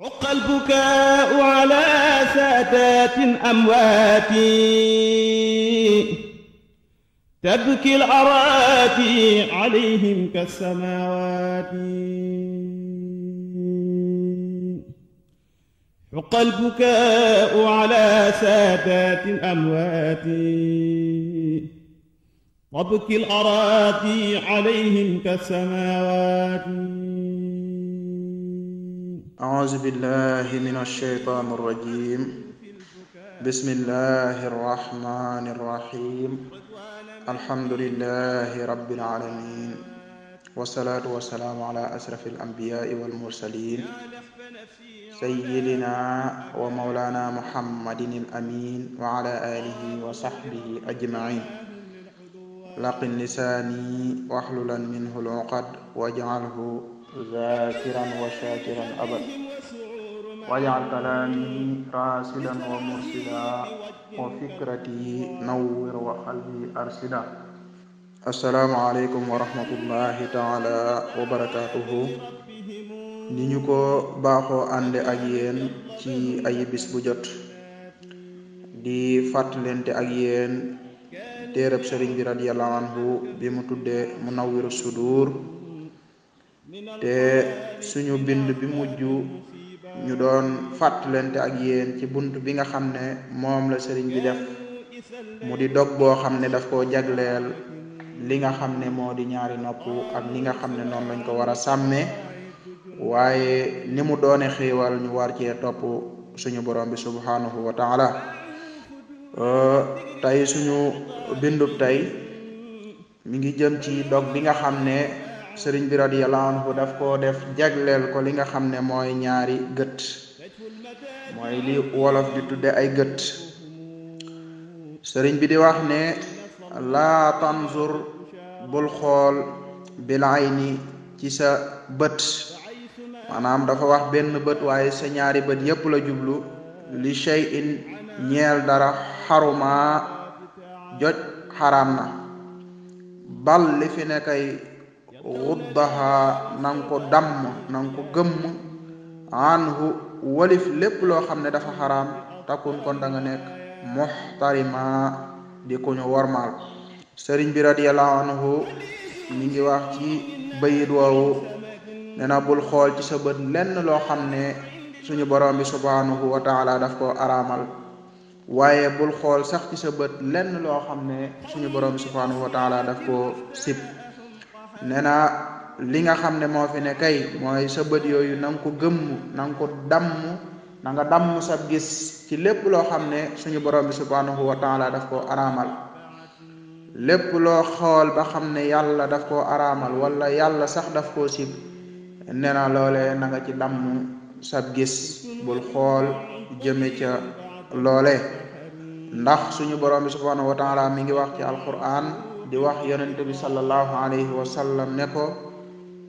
عق البكاء على سادات أمواتي تبكي الأراتي عليهم كالسماوات حق البكاء على سادات أموات تبكي الأراتي عليهم كالسماوات أعوذ بالله من الشيطان الرجيم بسم الله الرحمن الرحيم الحمد لله رب العالمين والصلاة والسلام على أشرف الأنبياء والمرسلين سيدنا ومولانا محمد الأمين وعلى آله وصحبه أجمعين لقن لساني واحللا منه العقد واجعله zakiran wa shakiran abad wajal kalaami rasidan wa mursida wa fikrati nawwir wa qalbi arsida assalaamu aleykum wa rahmatullahi taala wa barakatuhu ni ñu ko baaxoo ànde ak ci ay bu jot di fàttalente ak yéen téereb sëriñ bi radiyallahu anhu bi mu tudde Munawwirus Sudur te suñu bind bi mujj ñu doon fàttalante ak yéen ci bunt bi nga xam ne moom la sëriñ bi def mu di dog boo xam ne daf koo jagleel li nga xam ne moo di ñaari nopp ak li nga xam ne noonu lañ ko war a sàmmee waaye ni mu doone xéewal ñu war cee topp suñu borom bi subhanahu wa tey suñu bindub tey mu ngi jëm ci dog bi nga xam ne sëriñ bi radiyallahu bu daf koo def jagleel ko li nga xam ne mooy ñaari gët mooy li wolof di tudde ay gët sëriñ bi di wax ne laa tanzur bul xool bilaay ayni ci sa bët maanaam dafa wax benn bët waaye sa ñaari bët yépp la jublu li shay'in ñeel dara xaruma joj xaraam na bal li fi ne wuddaha na nga ko damm na ko gëmm anhu walif lépp loo xam ne dafa xaraam takun kon da nga nekk muxtarima di ko ñu wormaal sëriñ bi radiallahu anhu mi ngi wax ci bayit woowu ne na bul xool ci sa bët lenn loo xam ne suñu borom bi subhanahu wa taala daf ko araamal waaye bul xool sax ci sa bët lenn loo xam ne suñu borom bi subhanahu wa taala daf ko sib nee na li nga xam ne moo fi ne kay mooy sa bët yooyu nanga ko gëmm nanga ko damm na nga sa gis ci lépp loo xam ne suñu borom bi subhanahu wa taala daf koo araamal lépp loo xool ba xam ne yàlla daf koo araamal wala yàlla sax daf koo sib nee na loolee na nga ci damm sa gis bul xool jëme ca loole ndax suñu borom bi subhanahu wa taala mi ngi wax ci alquran di wax yonente bi sallallahu alayhi wa sallam ne ko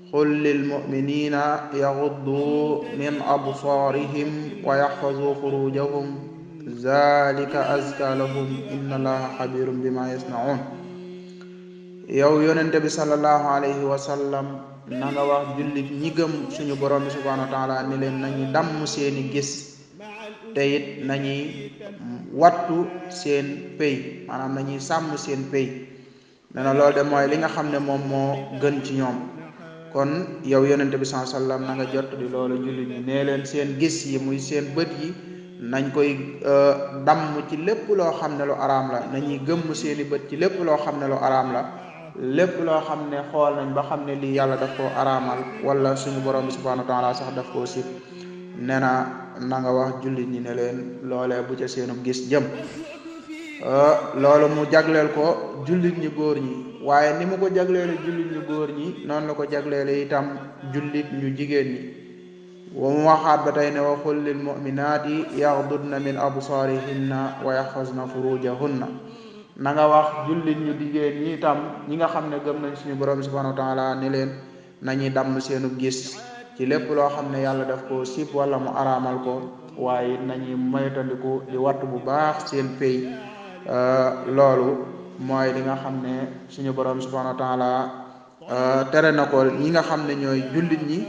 xul lil muminina yaxuddu min absaarihim wa yaxfazu furujahum zalika azka inna allaha xabirum bima yasnaun yow yonente bi sallallahu alayhi wa sallam na wax jullit ñi suñu borom bi subhanahu wa taala ni leen nañu damm seeni gis te it nañuy wattu seen pay maanaam nañuy sàmm seen pay nee na loolu de mooy li nga xam ne moom moo gën ci ñoom kon yow yonente bi saa sallam na nga jot di loolu julli ñi nee leen seen gis yi muy seen bët yi nañ koy euh, damm ci lépp loo xam ne lu araam la nañuy gëmm seeni bët ci lépp loo xam ne lu araam la lépp loo xam ne xool nañ ba xam ne lii yàlla daf koo araamal wala suñu borom bi subhanahu wa taala sax daf koo sib nee na na nga wax jullit ñi ne leen loolee bu ca seenu gis jëm Euh, loolu mu jagleel ko jullit ñi góor ñi waaye ni mu ko jagleele jullit ñu góor ñi noonu la ko jagleele itam jullit ñu jigéen ñi wa mu waxaat ba tey ne wa qul lil mu'minaati yaxdudna min absaarihinna wa yaxfazna furujahunna na na nga wax jullit ñu jigéen ñi itam ñi nga xam ne gëm nañ suñu borom subhanahu wa ni leen nañuy damm seenu gis ci lépp loo xam ne yàlla def ko sib wala mu araamal ko waaye nañuy moytandiku di wattu bu baax seen pay Euh, loolu mooy li nga xam ne suñu borom subhanahu wa taala euh, tere na ko ñi nga xam ne ñooy jullit ñi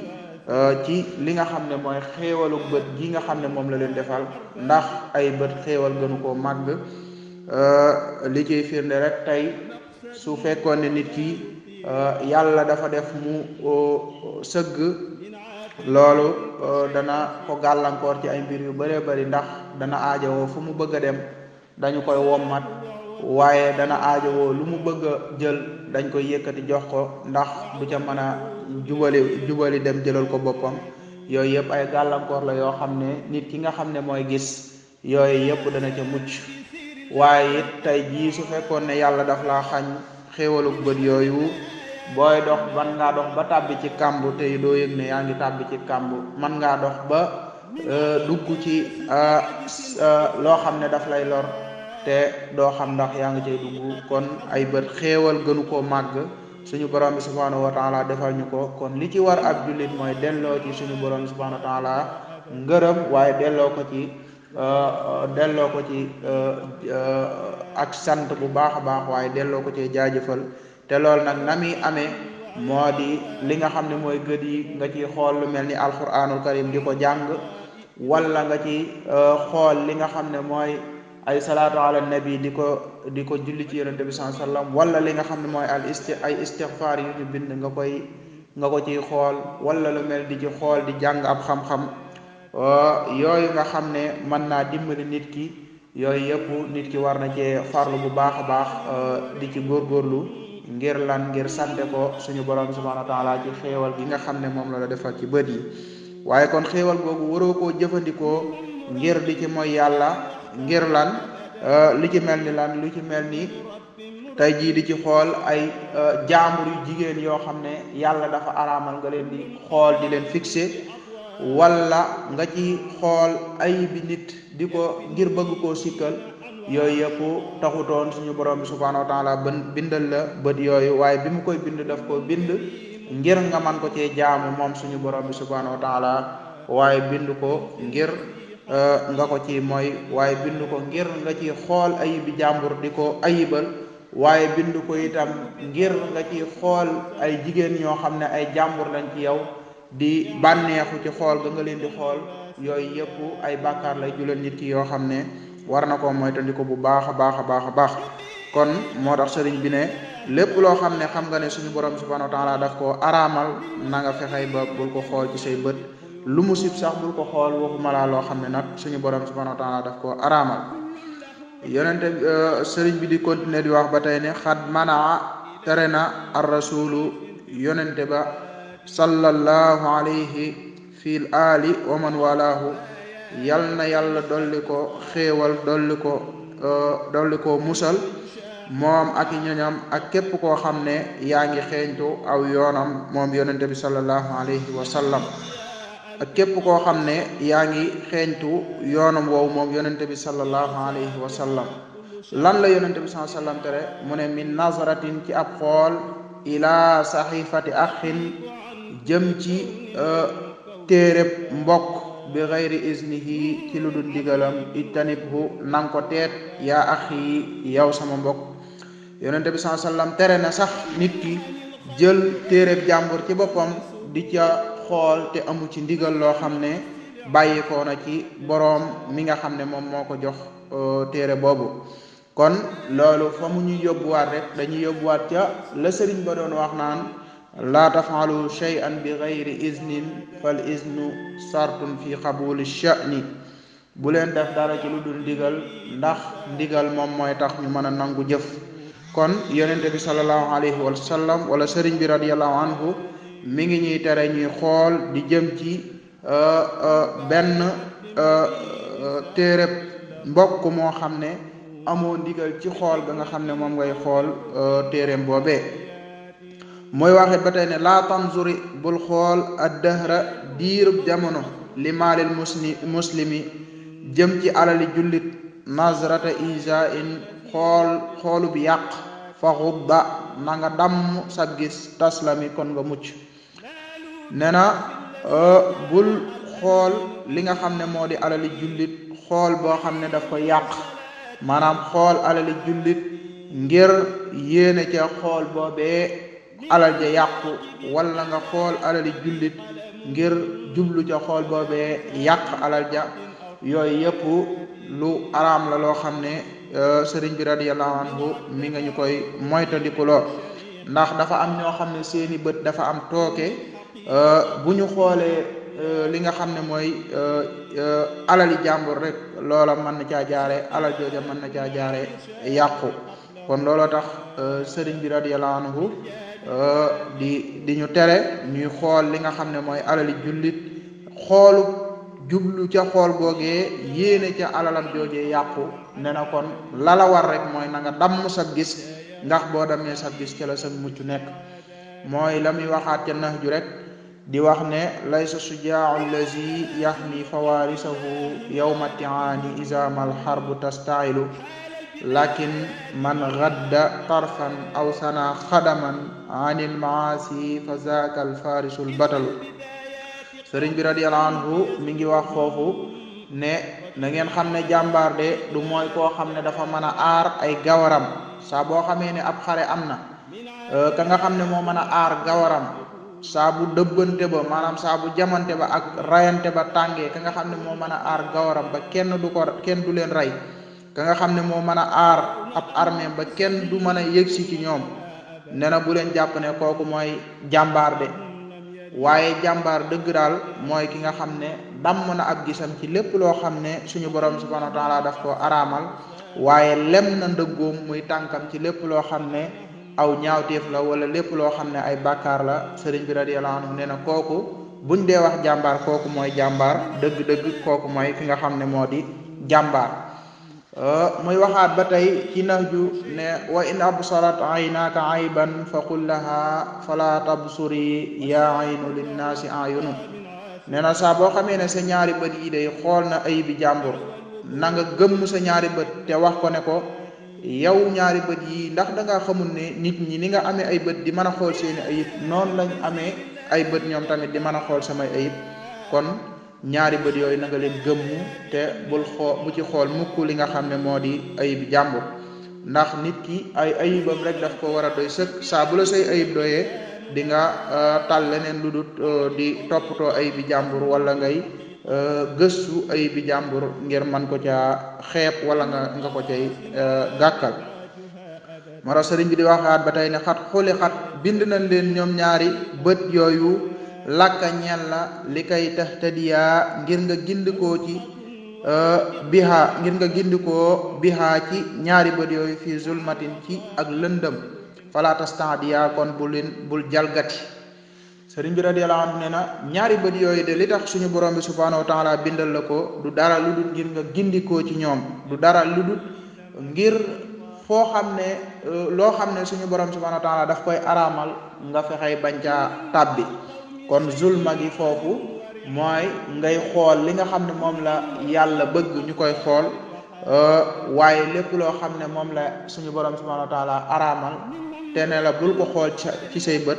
euh, ci li nga xam ne mooy xéewalu bët gi nga xam ne moom la leen defal ndax ay bët xéewal gënu koo màgg li ciy firnde rek tey su fekkoon ne nit ki yàlla dafa def mu sëgg loolu dana ko gàllankoor ci ay mbir yu bëree bari ndax dana aajowoo fu mu bëgg a dem dañu koy wommat waaye dana aajowoo lu mu bëgg jël dañ koy yëkkati jox ko ndax bu ca mën a jubali jubali dem jëlal ko boppam yooyu yëpp ay gàllankoor la yoo xam ne nit ki nga xam ne mooy gis yooyu yëpp dana ca mucc waaye it tey jii su fekkoon ne yàlla daf laa xañ xéewalug bët yooyu booy dox man ngaa dox ba tàbbi ci kàmb te doo yëg ne yaa ngi tàbbi ci kàmb man ngaa dox ba euh, dugg ci euh, euh, loo xam ne daf lay lor te doo xam ndax yaa ngi cay dugg kon ay bët xéewal gënu ko màgg suñu borom bi subhanahu wa taala defal ñu ko kon li ci war ab jullit mooy delloo ci suñu borom bi subhanahu wa taala ngërëm waaye delloo ko ci euh, euh, delloo ko ci euh, ak sant bu baax a baax waaye delloo ko ci jaajëfal te loolu nag na muy amee di li nga xam ne mooy gët yi nga ci xool lu mel ni alquranul karim di ko jàng wala nga ci xool li nga xam ne mooy ay salaatu ala nabi di ko di ko julli ci yonente bi sallallahu alayhi wasallam li nga xam ne mooy al isti ay istighfar yu ñu bind nga koy nga ko ciy xool wala lu mel di ci xool di jàng ab xam-xam nga xam ne mën naa dimbali nit ki yooyu yëpp nit ki war na cee farlu bu baax a baax euh, di ci góorgóorlu ngir lan ngir sante ko suñu borom subhanahu wa taala ci xéewal nga xam ne moom la la defal ci bët yi waaye kon xéewal googu waroo koo jëfandikoo ngir di ci mooy yàlla ngir lan euh, li ci mel ni lan lu ci mel ni tey jii di ci xool ay euh, jaambur jigéen yoo xam ne yàlla dafa alaamal nga leen di xool di leen fixé wala nga ci xool ay bi di ko ngir bëgg koo sikkal yooyu yëpp taxutoon suñu borom bi subhaanahu wa taala ba bindal la bët yooyu bi mu koy bind daf ko bind ngir nga ko cee jaamu moom suñu borom bi bind ko ngir Euh, nga ko ci mooy waaye bindu ko ngir nga ci xool ayibi jàmbur di ko ayibal waaye bind ko itam ngir ci xool ay jigéen ñoo xam ne ay jàmbur lañ ci yow di bànneexu ci xool ga nga leen di xool yooyu yëpp ay bàkkaar lay juleen nit ki yoo xam ne war na ko moytandiku bu baax a baax a baax a baax kon moo tax sëriñ bi ne lépp loo xam ne xam nga ne suñu borom subhanahu wa taala daf koo araamal nanga nga fexey ba bul ko xool ci say bët lu mu sax bul ko xool waxuma laa loo xam ne nag suñu borom subhanahu wa taala daf koo araamal yonente euh, bi di continuer di wax ba tey ne xad mana tere na ar rasulu yonente ba sallallahu alayhi fil ali wa walaahu yal na yàlla dolli ko xéewal dolli ko euh, dolli ko musal moom ak ñoñam ak képp koo xam ne yaa ngi xeeñtu aw yoonam moom yonente bi sallallahu alayhi wa ak képp koo xam ne yaa ngi xeeñtu yoonam woowu moom yonente bi sallallahu alayhi lan la yonente bi sallallahu sallam tere mu ne miin nazaratin ci ab xool ila saxifati axin jëm ci euh, téereb mbokk bi xayri isnihi ci lu dul digalam ijtanibhu nang ko teet yaa axi yow sama mbokk yonente bi sallallahu tere na sax nit ki jël téereb jàmbur ci boppam di xool te amu ci ndigal loo xam ne bàyyi ko na ci boroom mi nga xam ne moom moo ko jox euh, téere boobu kon loolu fa ñuy ñu yóbbuwaat rek dañuy yóbbuwaat ca la sëriñ ba doon wax naan laa tafaalu shay'an bi gayri iznin fal iznu sartun fi qabuli sha'ni bu leen def dara ci lu dul ndigal ndax ndigal moom mooy tax ñu mën a nangu jëf kon yeneen bi sallallahu alayhi wa sallam wala sëriñ bi radiallahu anhu mi ngi ñuy tere ñuy xool di jëm ci euh, euh, benn euh, téereb mbokk moo xam ne amoo ndigal ci xool ba nga xam ne moom ngay xool téereem boobee mooy waxit ba tey ne laa tanzuri bul xool addahra diirub jamono li maalil musli muslimi jëm ci alali jullit nazrata isa in xool xoolub yàq fa xubba na nga damm sa gis taslami kon nga mucc nee na euh, bul xool li nga xam ne moo di alali jullit xool boo xam ne daf ko yàq maanaam xool alali jullit ngir yéene ca xool boobee alal ja yàqu walla nga xool alali jullit ngir jublu ca xool boobee yàq alal ja yooyu yëpp lu araam la loo xam ne euh, sëriñ bi radiyallahu anhu mi nga ñu koy moytandikuloo ndax dafa am ñoo xam ne seeni bët dafa am tooke Euh, bu ñu xoolee euh, li nga xam ne mooy euh, alali jàmbur rek loola mën na caa jaaree alal jooja mën na caa jaare yàqu kon looloo tax sëriñ bi radiyallahu anhu di di ñu tere ñuy xool li nga xam ne mooy alali jullit xoolu jublu ca xool googee yéene ca alalam joojee yàqu ne na kon lala war rek mooy na nga dam sa gis ndax boo dammee sa gis ca la sa mucc nekk mooy la muy waxaat ca nax ju rek di wax ne laysa sujaau allazi yaxmi fawaarisahu yowma tiaani isama xarbu tastailu lakin man gadda tarfan aw sana xadaman an ilmaasi fa zaaka alfaarisu albatal sëriñ bi radiallahu anhu mi ngi wax foofu ne na ngeen xam ne jàmbaar de du mooy koo xam ne dafa mën a aar ay gawaram saa boo xamee ne ab xare am na ka nga xam ne moo mën a aar gawaram saa bu dëbbante ba maanaam saa bu jamante ba ak rayante ba tàngee ka nga xam ne moo mën a aar gawaram ba kenn du ko kenn du leen rey ka nga xam ne moo mën a aar ab armée ba kenn du mën a yëgsi ci ñoom nee na bu leen jàpp ne kooku mooy jàmbaar de waaye jàmbaar dëgg daal mooy ki nga xam ne damm na ab gisam ci lépp loo xam ne suñu boroom subhanahu wa taala daf ko araamal tànkam ci lépp loo xam ne aw ñaawteef la wala lépp loo xam ne ay bàkkaar la sëriñ bi radiyallahu anhu nee na kooku buñ dee wax jàmbaar kooku mooy jàmbaar dëgg-dëgg kooku mooy ki nga xam ne moo di jàmbaar euh, muy waxaat ba tey ci nahju ne wa in absarat aynaka ayban fa qul laha fala tabsuri ya aynu ayunu nee na saa boo xamee ne sa ñaari bët yi day xool na ayibi jàmbur na nga gëmm ñaari bët te wax ko ne ko yow ñaari bët yi ndax danga ngaa xamul ne nit ñi ni nga amee ay bët di mën a xool seeni ayib noonu lañ amee ay bët ñoom tamit di mën a xool samay ayib kon ñaari bët yooyu na leen gëmmu te bul xoo bu ci xool mukk li nga xam ne moo di ayib jàmbur ndax nit ki ay ayibam rek daf ko war a doy sëkk saa bu la say ayib doyee di nga euh, tal leneen lu dul euh, di toppatoo ayib jàmbur walla ngay Euh, gëstu ayibi jàmbur ngir man ko caa xeeb wala nga nga ko cay euh, gàkkal moo tax bi di waxaat ba tey ne xat xuli xat bind nañ leen ñoom ñaari bët yooyu làkka ñeel la li kay tax tadiyaa ngir nga gindikoo ci euh, biha ngir nga gindikoo biha ci ñaari bët yooyu fii zulmatin ci ak lëndëm fala tastaadiyaa kon bul jalgati sëriñ bi radiyallahu anhu nee na ñaari bët yooyu de li tax suñu borom bi subhaanahu wa taala bindal la ko du dara lu ngir nga gindikoo ci ñoom du dara lu ngir foo xam ne euh, loo xam ne suñu borom subhaanahu wa taala daf koy araamal nga fexey bañ caa tàbbi kon zulma gi foofu mooy ngay xool li nga xam ne moom la yàlla bëgg ñu koy xool euh, waaye lépp loo xam ne moom la suñu borom subhaanahu wa taala araamal te ne la bul ko xool ci say bët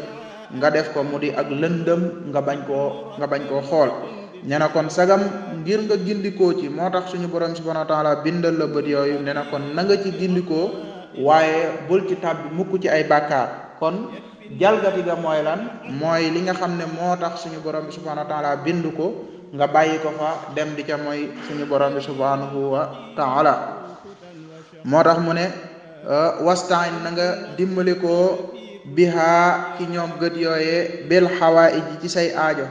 nga def ko mu di ak lëndëm nga bañ ko nga bañ koo xool nee kon sagam ngir nga gindikoo ci moo tax suñu borom subhanahu wa taala bindal la bët yooyu nee na kon na nga ci gindikoo waaye bul ci tàbbi mukk ci ay bàkkaar kon jalgati ga mooy lan mooy li nga xam ne moo tax suñu borom bi subhanahu wa taala bind ko nga bàyyi ko fa dem di ca mooy suñu borom bi subhanahu wa taala moo tax mu ne wastaan na nga dimbali ko biha ci ñoom gët yooye bil xawaaiji ci say aajo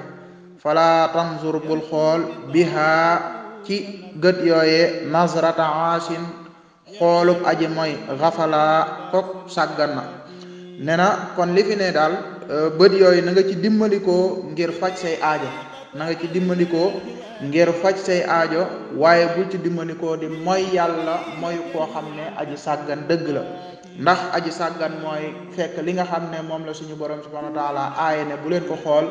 fala tanzur bul xool biha ci gët yooye nazrata aasin xoolub aji mooy xafala kook sàggan na ne na kon li fi ne daal euh, bët yooyu na nga ci dimbalikoo ngir faj say aajo na nga ci dimbandikoo ngir faj say aajo waaye bul ci dimbandikoo di mooy yàlla mooy koo xam ne aji sàggan dëgg la ndax aji sàggan mooy fekk li nga xam ne moom la suñu borom subhanahu wa taala aaye ne bu leen ko xool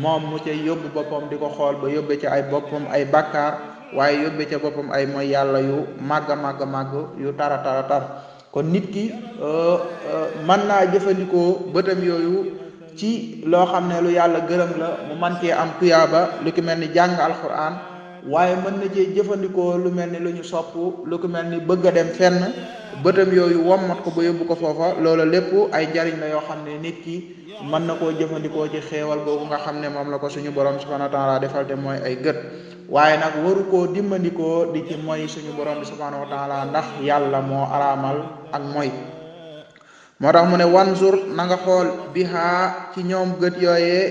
moom mu ca yóbbu boppam di ko xool ba yóbbe ci ay boppam ay bàkkaar waaye yóbbe ca boppam ay mooy yàlla yu màgga a màgg a yu tara tara tar kon nit ki euh, euh, mën naa jëfandikoo bëtam yooyu ci loo xam ne lu yàlla gërëm la mu man cee am tuyaaba lu ki mel ni jàng alquran waaye mën na cee jëfandikoo lu mel ni lu ñu sopp lu ko mel ni bëgg dem fenn bëtam yooyu wommat ko ba yóbbu ko foofa loola lépp ay njariñ la yoo xam ne nit ki mën na koo jëfandikoo ci xéewal boobu nga xam ne moom la ko suñu borom subhanahu wa taala defal te mooy ay gët waaye nag waru koo dimbandikoo di ci moy suñu borom bi subhanahu wa ndax yàlla moo araamal ak moy moo tax mu ne wanzur na nga xool bihaa ci ñoom gët yooyee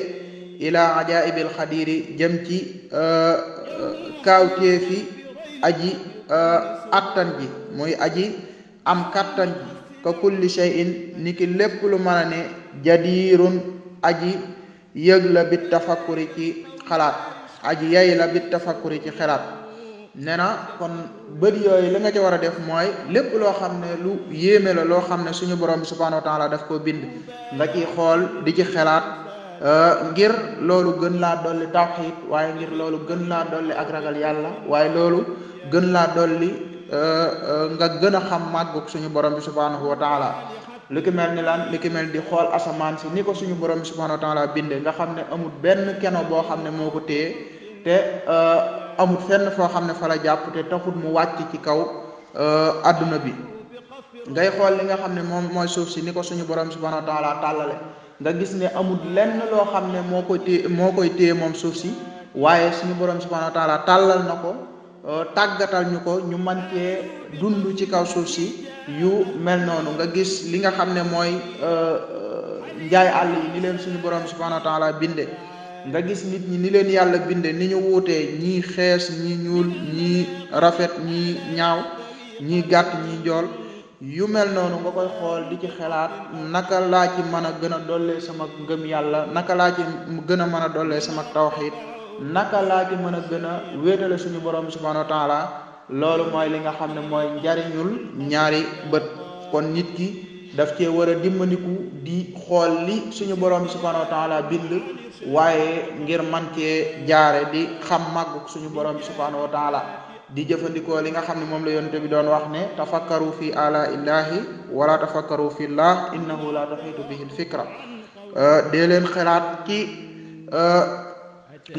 ilaa ajaibil xadiri jëm ci euh, euh, kaawteefi aji euh, attan ji mooy aji am kattan ji ka kulli shay'in ni ki lépp lu mën a ne jadirun aji yëg la bit tafakkuri ci xalaat aji yay la bit tafakkuri ci xalaat ne na kon bët yooyu li nga ci war a def mooy lépp loo xam ne lu yéeme la loo xam ne suñu borom bi subhanahu wa taala daf koo bind nga ci xool di ci xelaat euh, ngir loolu gën laa dolli tawxiid waaye ngir loolu gën laa dolli ak yàlla waaye loolu gën laa dolli euh, euh, nga gën a xam màggug suñu borom bi subhanahu wa taala lu ki mel ni lan lu ki mel di xool asamaan si ni ko suñu borom bi subhanahu wa bindee binde nga xam ne amul benn keno boo xam ne moo ko téye te amut fenn foo xam ne fa la jàpp te taxut mu wàcc ci kaw àdduna euh, bi ngay xool li nga xam ne moom mooy suuf si ni ko suñu borom subhanahu wa taala tàllale nga gis ne amul lenn loo xam ne moo koy moo koy téye moom suuf si waaye suñu borom subhanahu wa taala tàllal na ko euh, tàggatal ñu ko ñu man cee dund ci kaw suuf si yu mel noonu nga gis li nga xam ne mooy euh, njaay àll yi ni leen suñu borom subhanahu wa taala binde nga gis nit ñi ni leen yàlla binde ni ñu wuutee ñii xees ñii ñuul ñii rafet ñii ñaaw ñii gàtt ñii jool yu mel noonu nga koy xool di ci xelaat naka laa ci mën a gën a dollee sama ngëm yàlla naka laa ci gën a mën a dollee sama tawxiid naka laa ci mën a gën a wéetale suñu borom subhanahu wa taala loolu mooy li nga xam ne mooy njariñul ñaari bët kon nit ki daf cee war a dimbandiku di xool li suñu borom bi subhanahu wa taala bind waaye ngir man cee jaare di xam màgguk suñu borom bi subhanahu wa taala di jëfandikoo li nga xam ne moom la yonent bi wax ne tafakkaru fi ala illahi wala tafakkaru fi llah innahu la tuhitu bihi lfikra euh, dee xalaat ci euh,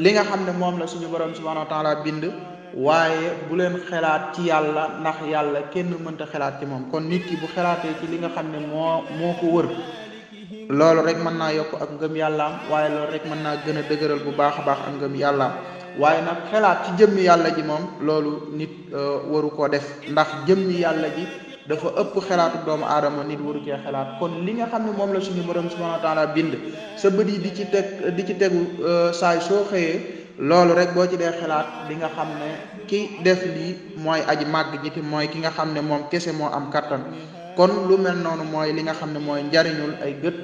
li nga xam ne moom la suñu borom bi subhanahu wa taala bind waaye bu leen xelaat ci yàlla ndax yàlla kenn mënta xelaat ci moom kon nit ki bu xelaatee ci li nga xam ne moo moo ko wër loolu rek mën naa yokk ak ngëm yàllaam waaye loolu rek mën naa gën a dëgëral bu baax a baax ak ngëm yàllaam waaye nag xelaat ci jëmmi yàlla ji moom loolu nit euh, waru koo def ndax jëmmi yàlla ji dafa ëpp xelaatu doomu aadama nit waru cee xelaat kon li nga xam ne moom la suñu borom subhanahu wa taala bind sa bët yi di ci teg di ci tegu euh, saay soo xëyee loolu rek boo ci dee xalaat di nga xam ne ki def li mooy aji màgg ji te mooy ki nga xam ne moom kese moo am kattan kon lu mel noonu mooy li nga xam ne mooy njariñul ay gët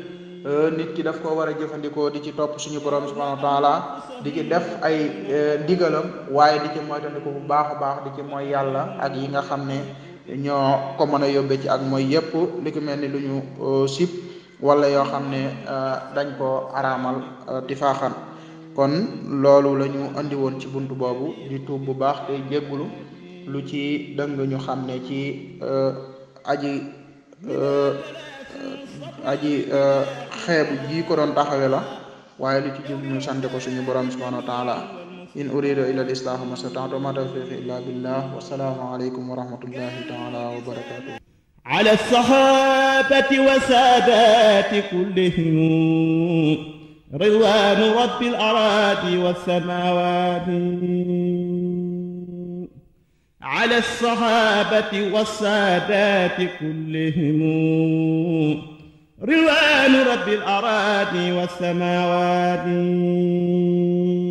euh, nit ki daf ko war a jëfandikoo di ci topp suñu borom subhanahu wa di ci def ay euh, ndigalam waaye di ci moytandiku bu baax a baax di ci mooy yàlla ak yi nga xam ne ñoo ko mën a yóbbe ci ak mooy yépp li ki mel ni lu ñu euh, sib wala yoo xam ne dañ ko araamal ti faaxan kon loolu la ñu andi woon ci bunt boobu di tuub bu baax te jéggulu lu ci dëng ñu xam ne ci euh, aji euh, aji euh, xeebu ji ko doon taxawe la waaye lu ci jub ñu sant ko suñu borom subhanahu wa taala in uridu illa al islaaha ma stata'tu wa ma tawfiqi illa billah wa salaamu alaykum wa rahmatullahi taala wa barakatuh ala sahabati wa saadati kullihim ridwaanu rabbil araadi wassamaawaati ala saxaabati wassaadaati kullihim ridwaanu rabbil araadi wassamaawaati